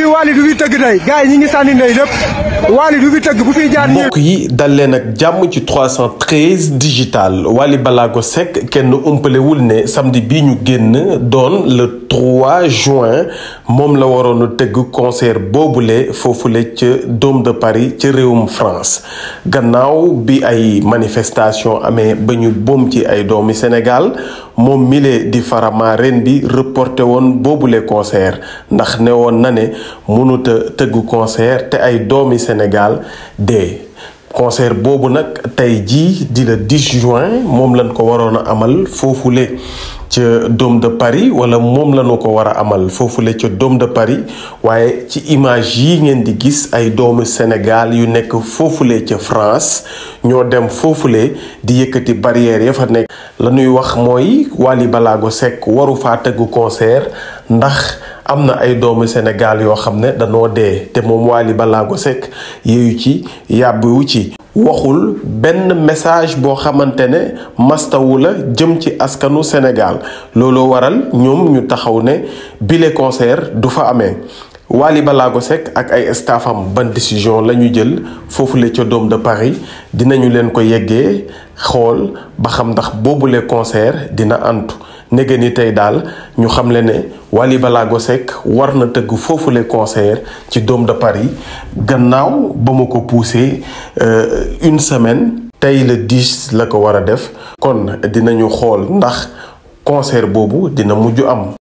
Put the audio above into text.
fii Wally du fi tëgg day gars yi ñi ngi sànni ndey lépp Wally du fi tëgg bu fiy jaar ñi mbokk yi dal leen jàmm ci 313 digital Wally Ballago Seck kenn umpalewul ne samdi bi ñu génn doon le 3 juin moom la waroon a tëgg concert boobule foofule ca Dôme de Paris ca réewum France gannaaw bi ay manifestation amee ba ñu boom ci ay doomi Sénégal moom mile di farama ren bi reporté woon boobule concert ndax ne woon na ne mënut tëggu tëgg te ay doomi Sénégal de concert boobu nag tey ji di la juin moom lañ ko waroon a amal foofule ca Dôme de Paris wala moom lañu ko war a amal foofule ca Dôme de Paris waaye ci image yi ngeen di gis ay doomu Sénégal yu nekk foofule ca France ñoo dem foofule di yëkkati barrière ya fa nekk la ñuy wax mooy Wally Ballago Seck waru faa tëggu concert ndax am na ay doomu Sénégal yoo xam ne danoo dee te moom Wally balaago Seck yeeyu ci yàbbiwu ci waxul benn message boo xamante ne mastawu la jëm ci askanu Sénégal looloo waral ñoom ñu taxaw ne bile concert du fa amee Wally Ballago Seck ak ay staffam ban décision la ñu jël foofule ca doom de Paris dinañu leen ko yeggee xool ba xam ndax boobule concert dina antu nege ni tey daal ñu xam le ne Wally go Seck war na tëgg foofule concert ci doom de Paris gannaaw ba ma ko poussé euh, une semaine tey le 10 la ko war a def kon dinañu xool ndax concert boobu dina mujj am